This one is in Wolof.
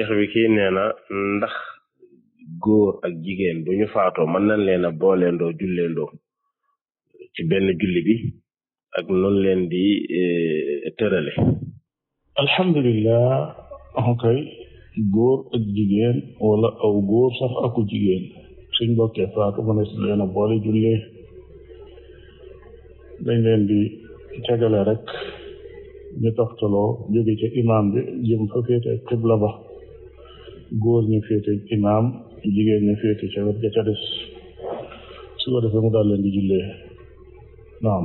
cheikh bi kii nee na ndax góor ak jigéen bu ñu faatoo mën nañ leen a booleendoo julleendoo ci benn julli bi ak noonu leen di eh, tërale alhamdulilah akay góor ak jigéen wala aw góor sax aku jigéen suñ bokkee faatu mën si leen a boole jullee dañ leen di tegale rek ñu toftaloo jóge ca imaam bi jëm fa féete ak ba góor ñu féete maam jigéen ñu féete ca wet ga ca des su ko mu daal leen di jullee naam